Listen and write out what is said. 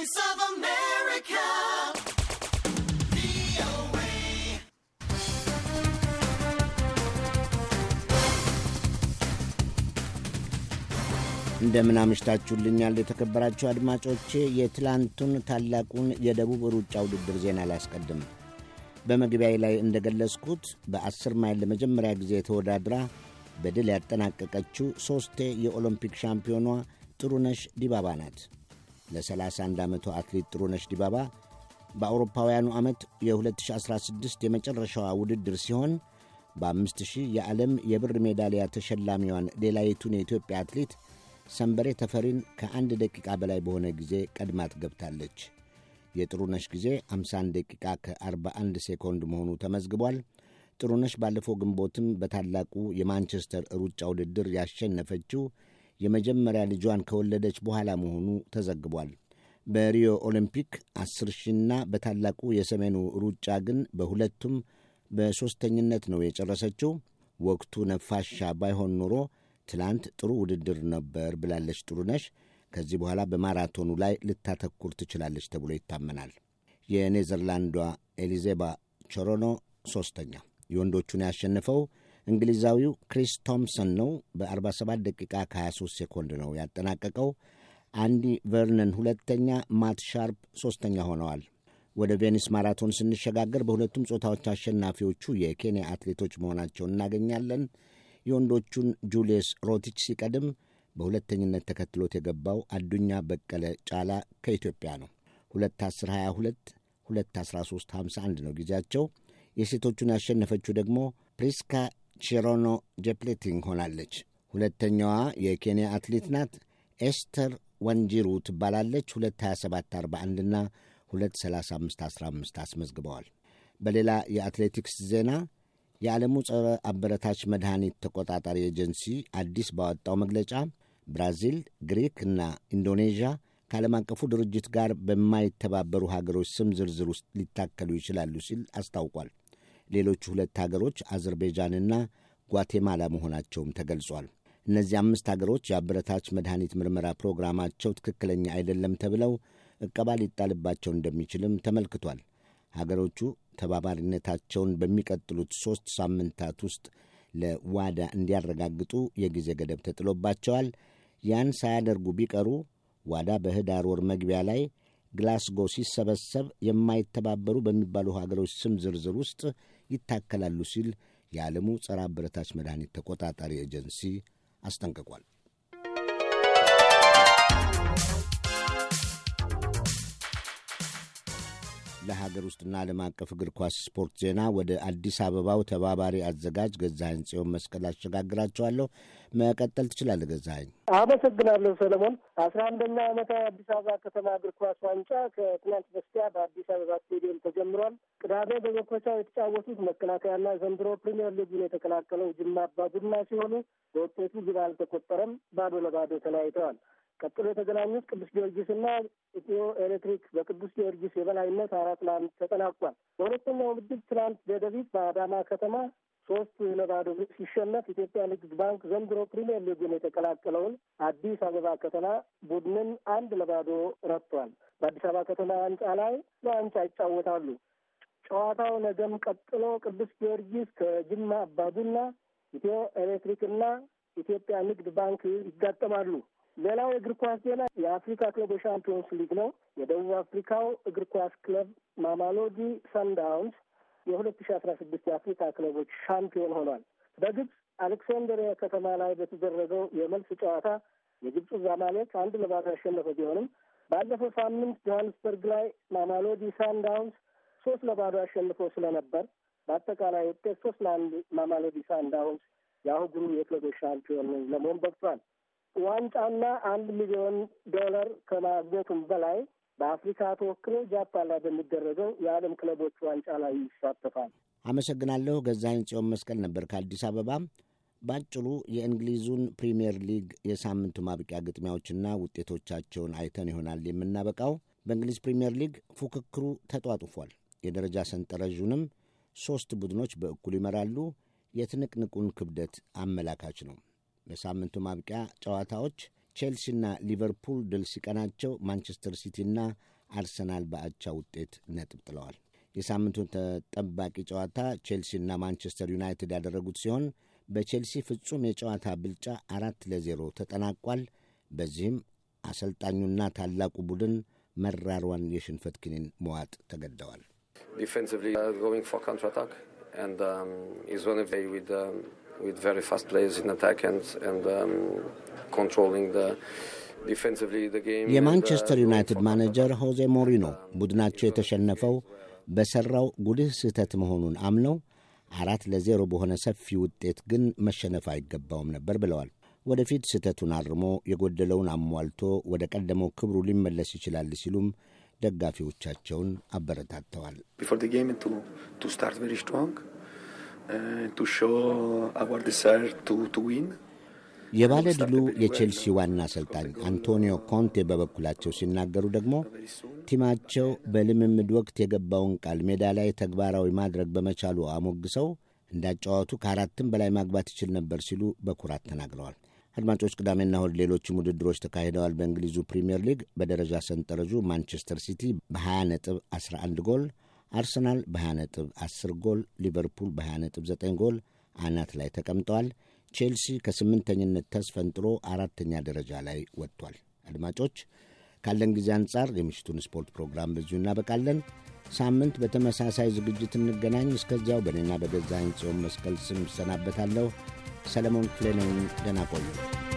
Voice of America. እንደምን አምሽታችሁልኛል የተከበራችሁ አድማጮቼ። የትላንቱን ታላቁን የደቡብ ሩጫ ውድድር ዜና ላስቀድም። በመግቢያ ላይ እንደገለጽኩት በአስር ማይል ለመጀመሪያ ጊዜ ተወዳድራ በድል ያጠናቀቀችው ሦስቴ የኦሎምፒክ ሻምፒዮኗ ጥሩነሽ ዲባባ ናት። ለ31 ዓመቷ አትሌት ጥሩነሽ ዲባባ በአውሮፓውያኑ ዓመት የ2016 የመጨረሻዋ ውድድር ሲሆን በ5000 የዓለም የብር ሜዳሊያ ተሸላሚዋን ሌላዪቱን የኢትዮጵያ አትሌት ሰንበሬ ተፈሪን ከአንድ ደቂቃ በላይ በሆነ ጊዜ ቀድማት ገብታለች። የጥሩነሽ ጊዜ 51 ደቂቃ ከ41 ሴኮንድ መሆኑ ተመዝግቧል። ጥሩነሽ ባለፈው ግንቦትም በታላቁ የማንቸስተር ሩጫ ውድድር ያሸነፈችው የመጀመሪያ ልጇን ከወለደች በኋላ መሆኑ ተዘግቧል። በሪዮ ኦሎምፒክ አስር ሺና በታላቁ የሰሜኑ ሩጫ ግን በሁለቱም በሦስተኝነት ነው የጨረሰችው። ወቅቱ ነፋሻ ባይሆን ኖሮ ትላንት ጥሩ ውድድር ነበር ብላለች ጥሩነሽ። ከዚህ በኋላ በማራቶኑ ላይ ልታተኩር ትችላለች ተብሎ ይታመናል። የኔዘርላንዷ ኤሊዜባ ቾሮኖ ሦስተኛ። የወንዶቹን ያሸነፈው እንግሊዛዊው ክሪስ ቶምሰን ነው። በ47 ደቂቃ ከ23 ሴኮንድ ነው ያጠናቀቀው። አንዲ ቨርነን ሁለተኛ፣ ማት ሻርፕ ሦስተኛ ሆነዋል። ወደ ቬኒስ ማራቶን ስንሸጋገር በሁለቱም ጾታዎች አሸናፊዎቹ የኬንያ አትሌቶች መሆናቸውን እናገኛለን። የወንዶቹን ጁልየስ ሮቲች ሲቀድም በሁለተኝነት ተከትሎት የገባው አዱኛ በቀለ ጫላ ከኢትዮጵያ ነው። 2:10:22 2:13:51 ነው ጊዜያቸው። የሴቶቹን ያሸነፈችው ደግሞ ፕሪስካ ቺሮኖ ጄፕሌቲንግ ሆናለች። ሁለተኛዋ የኬንያ አትሌት ናት። ኤስተር ወንጂሩ ትባላለች። 22741 እና 23515 አስመዝግበዋል። በሌላ የአትሌቲክስ ዜና የዓለሙ ጸረ አበረታች መድኃኒት ተቆጣጣሪ ኤጀንሲ አዲስ ባወጣው መግለጫ ብራዚል፣ ግሪክ እና ኢንዶኔዥያ ከዓለም አቀፉ ድርጅት ጋር በማይተባበሩ ሀገሮች ስም ዝርዝር ውስጥ ሊታከሉ ይችላሉ ሲል አስታውቋል። ሌሎች ሁለት ሀገሮች አዘርቤጃንና ጓቴማላ መሆናቸውም ተገልጿል። እነዚህ አምስት ሀገሮች የአበረታች መድኃኒት ምርመራ ፕሮግራማቸው ትክክለኛ አይደለም ተብለው እቀባ ሊጣልባቸው እንደሚችልም ተመልክቷል። ሀገሮቹ ተባባሪነታቸውን በሚቀጥሉት ሦስት ሳምንታት ውስጥ ለዋዳ እንዲያረጋግጡ የጊዜ ገደብ ተጥሎባቸዋል። ያን ሳያደርጉ ቢቀሩ ዋዳ በህዳር ወር መግቢያ ላይ ግላስጎ ሲሰበሰብ የማይተባበሩ በሚባሉ ሀገሮች ስም ዝርዝር ውስጥ ይታከላሉ ሲል የዓለሙ ጸረ አበረታች መድኃኒት ተቆጣጣሪ ኤጀንሲ አስጠንቅቋል። ለሀገር ውስጥና ዓለም አቀፍ እግር ኳስ ስፖርት ዜና ወደ አዲስ አበባው ተባባሪ አዘጋጅ ገዛኸኝ ጽዮን መስቀል አሸጋግራቸዋለሁ። መቀጠል ትችላለህ ገዛኸኝ። አመሰግናለሁ ሰለሞን። አስራ አንደኛ ዓመት አዲስ አበባ ከተማ እግር ኳስ ዋንጫ ከትናንት በስቲያ በአዲስ አበባ ስቴዲየም ተጀምሯል። ቅዳሜ በመክፈቻው የተጫወቱት መከላከያና ዘንድሮ ፕሪሚየር ሊጉን የተቀላቀለው ጅማ አባ ሲሆኑ በውጤቱ ግብ አልተቆጠረም፣ ባዶ ለባዶ ተለያይተዋል። ቀጥሎ የተገናኙት ቅዱስ ጊዮርጊስና ኢትዮ ኤሌክትሪክ በቅዱስ ጊዮርጊስ የበላይነት አራት ለአንድ ተጠናቋል። በሁለተኛው ምድብ ትናንት ደደቢት በአዳማ ከተማ ሶስት ለባዶ ሲሸነፍ ኢትዮጵያ ንግድ ባንክ ዘንድሮ ፕሪሚየር ሊግን የተቀላቀለውን አዲስ አበባ ከተማ ቡድንን አንድ ለባዶ ረቷል። በአዲስ አበባ ከተማ ዋንጫ ላይ ለዋንጫ ይጫወታሉ። ጨዋታው ነገም ቀጥሎ ቅዱስ ጊዮርጊስ ከጅማ አባዱና ኢትዮ ኤሌክትሪክና ኢትዮጵያ ንግድ ባንክ ይጋጠማሉ። ሌላው የእግር ኳስ ዜና የአፍሪካ ክለቦ ሻምፒዮንስ ሊግ ነው። የደቡብ አፍሪካው እግር ኳስ ክለብ ማማሎዲ ሰንዳውንስ የሁለት ሺ አስራ ስድስት የአፍሪካ ክለቦች ሻምፒዮን ሆኗል። በግብፅ አሌክሳንደሪያ ከተማ ላይ በተደረገው የመልስ ጨዋታ የግብፁ ዛማሌክ አንድ ለባዶ ያሸነፈ ቢሆንም ባለፈው ሳምንት ጆሀንስበርግ ላይ ማማሎዲ ሳንዳውንስ ሶስት ለባዶ አሸንፎ ስለነበር በአጠቃላይ ውጤት ሶስት ለአንድ ማማሎዲ ሳንዳውንስ የአህጉሩ የክለቦች ሻምፒዮን ለመሆን በቅቷል። ዋንጫና አንድ ሚሊዮን ዶላር ከማግኘቱም በላይ በአፍሪካ ተወክሎ ጃፓን ላይ በሚደረገው የዓለም ክለቦች ዋንጫ ላይ ይሳተፋል። አመሰግናለሁ። ገዛኝ ጽዮን መስቀል ነበር ከአዲስ አበባ። በአጭሩ የእንግሊዙን ፕሪምየር ሊግ የሳምንቱ ማብቂያ ግጥሚያዎችና ውጤቶቻቸውን አይተን ይሆናል የምናበቃው። በእንግሊዝ ፕሪምየር ሊግ ፉክክሩ ተጧጡፏል። የደረጃ ሰንጠረዡንም ሦስት ቡድኖች በእኩል ይመራሉ። የትንቅንቁን ክብደት አመላካች ነው። በሳምንቱ ማብቂያ ጨዋታዎች ቼልሲና ሊቨርፑል ድል ሲቀናቸው፣ ማንቸስተር ሲቲና አርሰናል በአቻ ውጤት ነጥብ ጥለዋል። የሳምንቱን ተጠባቂ ጨዋታ ቼልሲና ማንቸስተር ዩናይትድ ያደረጉት ሲሆን በቼልሲ ፍጹም የጨዋታ ብልጫ አራት ለዜሮ ተጠናቋል። በዚህም አሰልጣኙና ታላቁ ቡድን መራሯን የሽንፈት ክኒን መዋጥ ተገደዋል። with very fast players in attack and, and um, controlling the የማንቸስተር uh, ዩናይትድ ማኔጀር ሆዜ ሞሪኖ ቡድናቸው የተሸነፈው በሰራው ጉልህ ስህተት መሆኑን አምነው አራት ለዜሮ በሆነ ሰፊ ውጤት ግን መሸነፍ አይገባውም ነበር ብለዋል። ወደፊት ስህተቱን አርሞ የጎደለውን አሟልቶ ወደ ቀደመው ክብሩ ሊመለስ ይችላል ሲሉም ደጋፊዎቻቸውን አበረታተዋል። Eh, to የባለ ድሉ የቼልሲ ዋና አሰልጣኝ አንቶኒዮ ኮንቴ በበኩላቸው ሲናገሩ ደግሞ ቲማቸው በልምምድ ወቅት የገባውን ቃል ሜዳ ላይ ተግባራዊ ማድረግ በመቻሉ አሞግሰው እንዳጫዋቱ ከአራትም በላይ ማግባት ይችል ነበር ሲሉ በኩራት ተናግረዋል። አድማጮች፣ ቅዳሜና እሁድ ሌሎችም ውድድሮች ተካሂደዋል። በእንግሊዙ ፕሪምየር ሊግ በደረጃ ሰንጠረዡ ማንቸስተር ሲቲ በ20 ነጥብ 11 ጎል አርሰናል በ20 ነጥብ 10 ጎል፣ ሊቨርፑል በ20 ነጥብ 9 ጎል አናት ላይ ተቀምጠዋል። ቼልሲ ከስምንተኝነት ተስፈንጥሮ አራተኛ ደረጃ ላይ ወጥቷል። አድማጮች ካለን ጊዜ አንጻር የምሽቱን ስፖርት ፕሮግራም በዚሁ እናበቃለን። ሳምንት በተመሳሳይ ዝግጅት እንገናኝ። እስከዚያው በእኔና በገዛኝ ጽዮን መስቀል ስም ይሰናበታለሁ። ሰለሞን ክሌነውን ደህና ቆዩ።